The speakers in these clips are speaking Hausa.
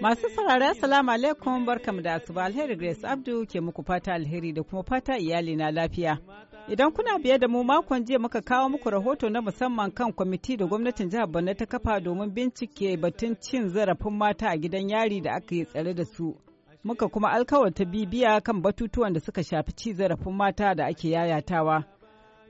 Masu saurara salamu alaikum barkamu da asuba alheri Grace Abdu ke muku fata alheri da kuma fata iyali na lafiya. Idan kuna biye da mu makon jiya muka kawo muku rahoto na musamman kan kwamiti da gwamnatin jihar Borno ta kafa domin bincike batun cin zarafin mata a gidan yari da aka yi tsare da su. Muka kuma alkawarta bibiya kan batutuwan da suka shafi ci zarafin mata da ake yayatawa.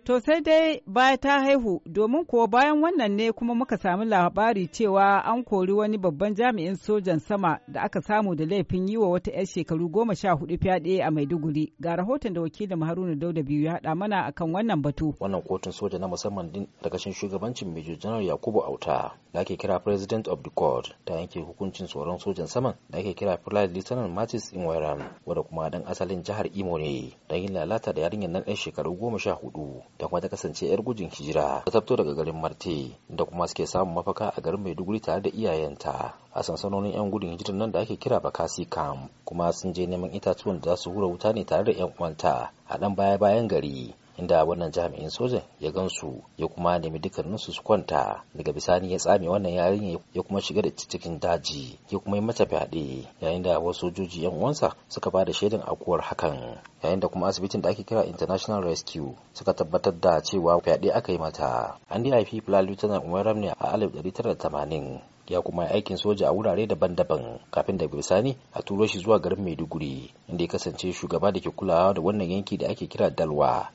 To sai dai baya ta haihu domin kuwa bayan wannan ne kuma muka sami labari cewa an kori wani babban jami'in sojan sama da aka samu da laifin yi wa wata 'yar shekaru goma sha hudu fyaɗe a Maiduguri. Ga rahoton da wakilin Haruna Dauda biyu ya haɗa mana akan wannan batu. Wannan kotun soja na musamman din daga shugabancin Major General Yakubu Auta da ake kira President of the Court ta yanke hukuncin tsoron sojan saman da ake kira Flight Lieutenant Matis Inwaram wanda kuma dan asalin jihar Imo ne don yin lalata da yarinyar nan 'yar shekaru goma sha hudu. da kuma ta kasance 'yar gujin hijira ta tabto daga garin marte da kuma suke samun mafaka a garin maiduguri tare da iyayenta a sansanonin 'yan gudun hijirar nan da ake kira bakasi camp kuma sun je neman itatuwan da za su hura wuta ne tare da 'yan uwanta a dan baya bayan gari inda wannan jami'in sojan ya gansu ya kuma nemi dukkanin su kwanta daga bisani ya tsame wannan yarinya ya kuma shiga da cikin daji ya kuma yi mata fyaɗe yayin da wasu sojoji yan uwansa suka ba da shaidan akuwar hakan yayin da kuma asibitin da ake kira international rescue suka tabbatar da cewa fyaɗe aka yi mata an dai haifi fulani lieutenant umar ramne a 1980 ya kuma yi aikin soja a wurare daban-daban kafin daga bisani a turo shi zuwa garin maiduguri inda ya kasance shugaba da ke kulawa da wannan yanki da ake kira dalwa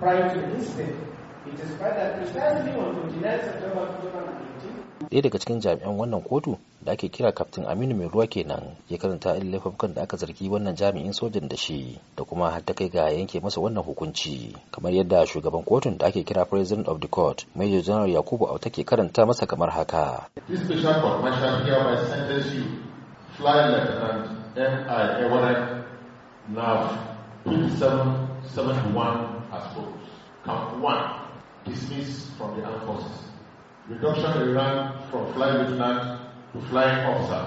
prior to the incident. It is by that precisely on 29 September 2018 ɗaya daga cikin jami'an wannan kotu da ake kira kaftin aminu mai ruwa kenan ya karanta irin laifukan da aka zargi wannan jami'in sojan da shi da kuma har ta kai ga yanke masa wannan hukunci kamar yadda shugaban kotun da ake kira president of the court major general yakubu auta ke karanta masa kamar haka count one dismiss from the armed forces Reduction in rank from flying lieutenant to flying officer.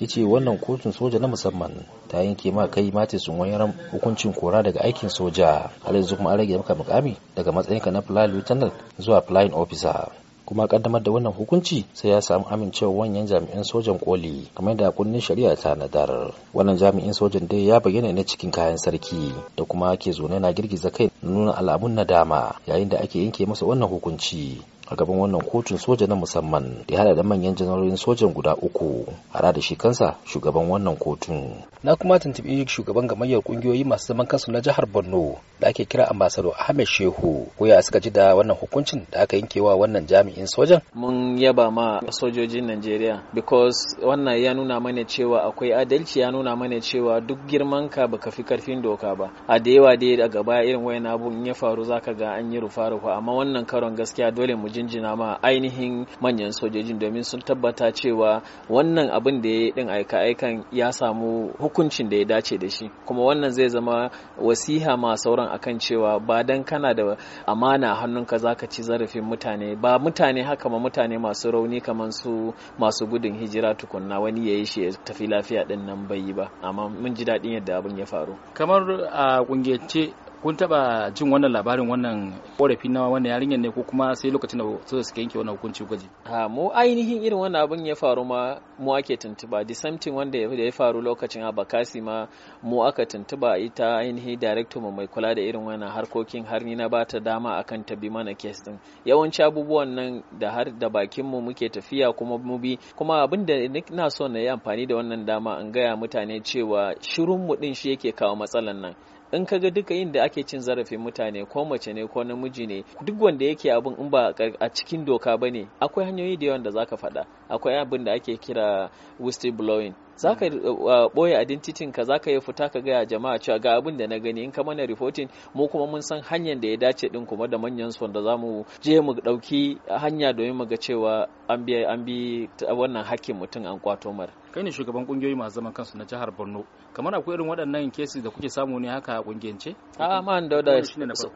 ya ce wannan kotun soja na musamman ta yanke ma kai mati sun ran hukuncin kora daga aikin soja har yanzu kuma an rage maka mukami daga matsayinka na flying lieutenant zuwa flying officer kuma kaddamar da wannan hukunci sai ya samu amincewa wanyan jami'an sojan koli kamar da kunnin shari'a ta nadar wannan jami'in sojan dai ya bayyana ne cikin kayan sarki da kuma ke zo na girgiza kai nuna alamun nadama yayin da ake yanke masa wannan hukunci a gaban wannan kotun soja na musamman da hada da manyan janarorin sojan guda uku hada da shi kansa shugaban wannan kotun na kuma tuntubi shugaban gamayyar kungiyoyi masu zaman kansu na jihar borno da ake kira ambasado ahmed shehu ko ya suka ji da wannan hukuncin da aka yanke wa wannan jami'in sojan mun yaba ma sojojin najeriya because wannan ya nuna mana cewa akwai adalci ya nuna mana cewa duk girman ka baka fi karfin doka ba a da yawa dai daga baya irin wayan abun ya faru zaka ga an yi rufa rufa amma wannan karon gaskiya dole mu jinjina ma ainihin manyan sojojin domin sun tabbata cewa wannan abin da ya yi din aika aikan ya samu hukuncin da ya dace da shi kuma wannan zai zama wasiha ma sauran akan cewa ba dan kana da amana hannunka zaka ci zarafin mutane ba mutane haka ma mutane masu rauni kamar su masu gudun hijira tukunna wani ya yi shi ya tafi lafiya din nan bai yi ba amma mun ji daɗin yadda abin ya faru kamar a kungiyance kun taba jin wannan labarin wannan korafi na wannan yarinyar ne ko kuma sai lokacin da suka yanke wannan hukunci gwaji ha mu ainihin irin wannan abin ya faru ma mu ake tuntuba the same thing wanda ya faru lokacin abakasi ma mu aka tuntuba ita ainihin director mu mai kula da irin wannan harkokin har ni na bata dama akan ta bi mana case din yawanci abubuwan nan da har da bakin mu muke tafiya kuma mu bi kuma abin da na so na yi amfani da wannan dama in gaya mutane cewa shirin mu din shi yake kawo matsalan nan in ka ga duka inda ake cin zarafin mutane ko mace ne ko namiji ne duk wanda yake abin in ba a cikin doka ba ne akwai hanyoyi da yawan da za ka faɗa akwai abin da ake kira whistleblowing za ka uh, uh, ɓoye identitin ka za ka yi fita ka gaya jama'a cewa ga abin da na gani in ka mana reporting mu kuma mun san hanyar da ya dace din kuma da manyan su wanda za mu je mu ɗauki hanya domin mu ga cewa an bi an bi wannan hakkin mutum an kwato mar kai ne shugaban kungiyoyi masu zaman kansu na jihar Borno kamar akwai irin waɗannan cases da kuke samu ne haka kungiyance a ah, man da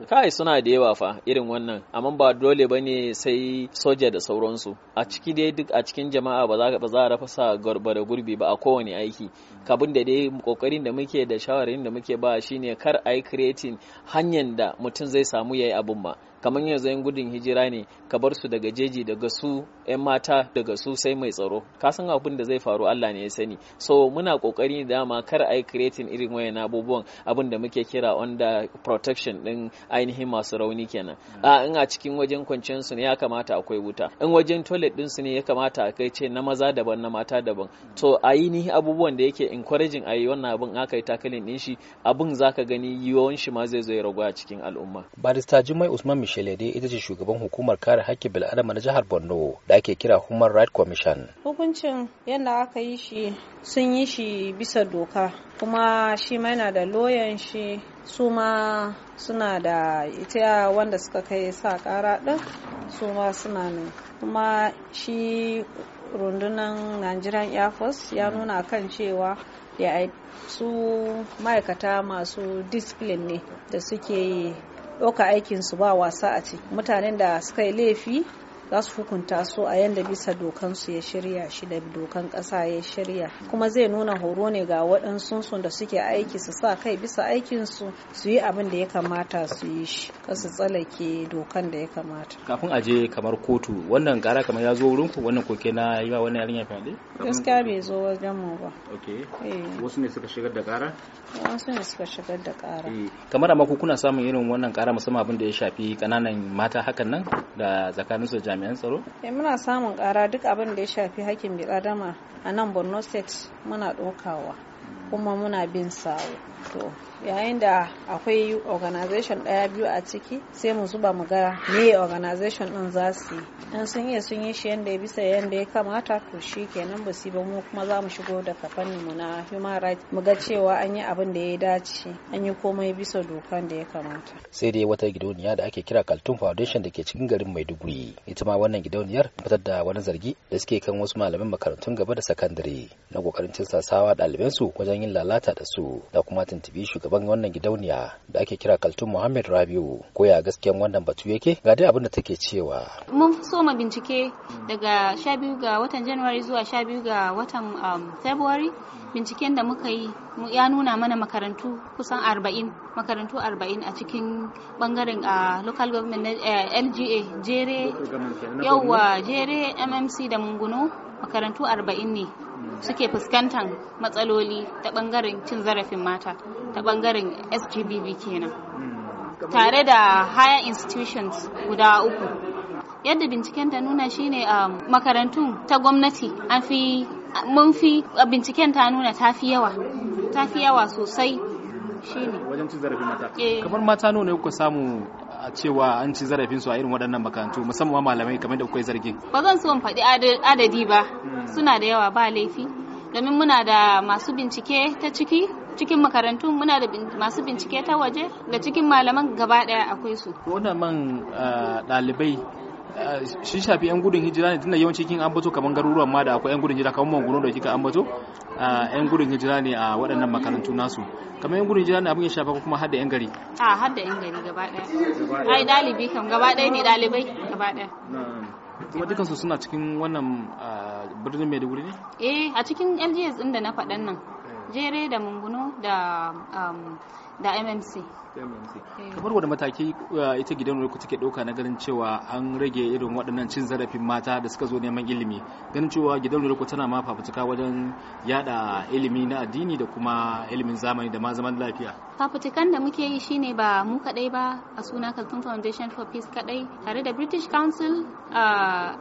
kai suna da yawa fa irin wannan amma ba dole bane sai soja da sauransu a ciki dai duk a cikin jama'a ba za a rafasa garba da gurbi ba a kowane aiki kabin da dai kokarin da muke da shawarin da muke ba shine kar a yi creating hanyar da mutum zai samu ya yi abun ba kamar yanzu yan gudun hijira ne ka bar su daga jeji daga su yan mata daga su sai mai tsaro ka san abin da zai faru Allah ne ya sani so muna kokari dama kar ai creating irin wayan abubuwan abin da muke kira wanda protection din ainihin masu rauni kenan a in a cikin wajen kwanciyar su ne ya kamata akwai wuta in wajen toilet din su ne ya kamata a kai ce na maza daban na mata daban to ainihin abubuwan da yake encouraging a yi wannan abin aka yi takalin din shi abin zaka gani yiwuwan shi ma zai zo ya ragu a cikin al'umma barista jimai usman dai ita ce shugaban hukumar kare haƙƙin bil'adama na jihar borno da ake kira human rights commission hukuncin yadda aka yi shi sun yi shi bisa doka kuma shi ma yana da loyan shi su ma suna da ita wanda suka kai sa kara din su ma suna ne kuma shi rundunar nigerian air force ya mm. nuna kan cewa su ma'aikata masu discipline ne da suke ɗauka aikinsu ba wasa a ciki mutanen da suka yi laifi za su hukunta su a yadda bisa dokan su ya shirya shi da dokan kasa ya shirya kuma zai nuna horo ne ga waɗansu sun da suke aiki su sa kai bisa aikin su su yi abin da ya kamata su yi shi kar su tsalake dokan da ya kamata kafin a je kamar kotu wannan kara kamar ya zo wurin ku wannan koke na yi wa wannan yarinya fyaɗe gaskiya bai zo wajen mu ba eh. wasu ne suka shigar da kara wasu ne suka shigar da kara eh. kamar amma ku kuna samun irin wannan kara musamman abin da ya shafi kananan mata hakan nan da tsakaninsu da jami'an tsaro? Eh, muna samun kara duk abin da ya shafi hakkin bil'adama a nan Borno State muna ɗaukawa. kuma muna bin sawo to yayin da akwai organization daya biyu a ciki sai mu zuba mu ga me organization din za su yi in sun yi sun yi shi yanda ya bisa yanda ya kamata to shi kenan ba ba mu kuma za mu shigo da kafanni mu na human rights mu ga cewa an yi abin da ya dace an yi komai bisa dokan da ya kamata sai dai wata gidauniya da ake kira Kaltun Foundation da ke cikin garin Maiduguri ita ma wannan gidauniyar fitar da wani zargi da suke kan wasu malaman makarantun gaba da sakandare na kokarin cin sasawa ɗalibansu wajen don yin lalata da su da kuma tuntubi shugaban wannan gidauniya da ake kira kaltun muhammad rabiu ko ya gaskiyan wannan batu yake ga dai abin da take cewa mun so soma bincike daga 12 ga watan january zuwa 12 ga watan um, february binciken da muka yi ya nuna mana makarantu kusan 40 makarantu 40 a cikin bangaren a uh, local government eh, lga jere yauwa jere mmc da munguno makarantu arba'in ne suke fuskantar matsaloli ta bangaren cin zarafin mata ta bangaren sgbb kenan hmm. tare da higher institutions guda uku yadda binciken ta nuna shine a um, makarantun ta gwamnati an fi mun fi binciken ta nuna ta fi yawa ta fi yawa sosai shine wajen cin zarafin mata eh. kamar mata nawa ne kuka samu a cewa an ci zarafin su a irin waɗannan makarantu musamman malamai kamar da kuka zargin ba zan so in faɗi adadi ba hmm. suna da yawa ba laifi domin muna da masu bincike ta ciki cikin makarantu muna da masu bincike ta waje da cikin malaman gaba ɗaya akwai su wannan man eh, ɗalibai shi shafi yan gudun hijira ne tunda yawanci kin ambato kaman garuruwan ma da akwai yan gudun hijira kaman manguno da kika ambato yan gudun hijira ne a waɗannan makarantu nasu kamar yan gudun hijira ne abin ya shafa kuma hadda yan gari a hadda yan gari gaba ɗaya ai dalibi kam gaba ɗaya ne dalibai gaba ɗaya kuma dukansu suna cikin wannan birnin maiduguri ne eh a cikin lgs ɗin da na faɗan nan jere da mungunu da um, da mmc kamar wani mataki uh, ita gidan ku take ɗauka na ganin cewa an rage irin waɗannan cin zarafin mata da suka zo neman ilimi ganin cewa gidan ku tana ma fafutuka wajen yada ilimi na addini da kuma ilimin zamani da ma zaman lafiya fafutukan da muke yi shine ba mu kadai ba a suna kaltun foundation for peace kadai tare da british council uh,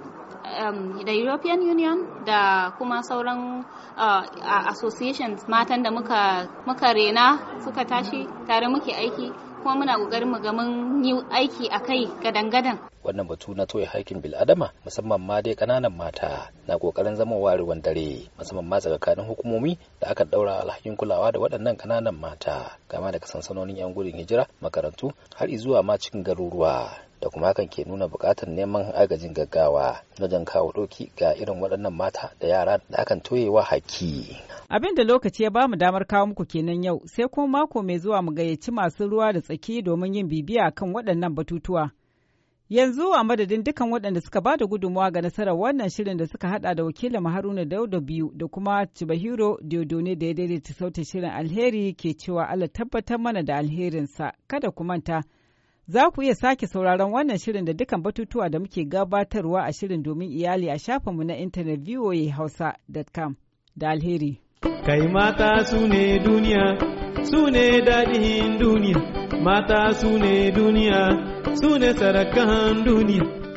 Um, da european union da kuma sauran uh, associations matan da muka, muka rena suka tashi tare muke aiki kuma muna ƙoƙarin mu ga mun yi aiki a kai gadan-gadan. Wannan batu na toye haikin bil'adama musamman ma dai ƙananan mata na ƙoƙarin zama warewan dare musamman ma tsakanin hukumomi da aka ɗaura alhakin kulawa da waɗannan kananan mata kama daga sansanonin 'yan gudun hijira makarantu har zuwa ma cikin garuruwa. da kuma hakan ke nuna bukatar neman agajin gaggawa na jan kawo doki ga irin waɗannan mata da yara da akan toyewa haki. Abin da lokaci ya bamu damar kawo muku kenan yau sai kuma mako mai zuwa mu gayyaci masu ruwa da tsaki domin yin bibiya kan waɗannan batutuwa. Yanzu a madadin dukan waɗanda suka ba da gudunmawa ga nasarar wannan shirin da suka hada da wakilin Haruna Dauda biyu da kuma Cibahiro Diodone da ya daidaita sautin shirin alheri ke cewa Allah tabbatar mana da alherinsa kada ku manta. Za ku iya sake sauraron wannan shirin da dukkan batutuwa da muke gabatarwa a shirin domin iyali a shafinmu na intanet voahausa.com da alheri. Kai mata su ne duniya, su ne daɗin duniya, mata su ne duniya, su ne sarakan duniya.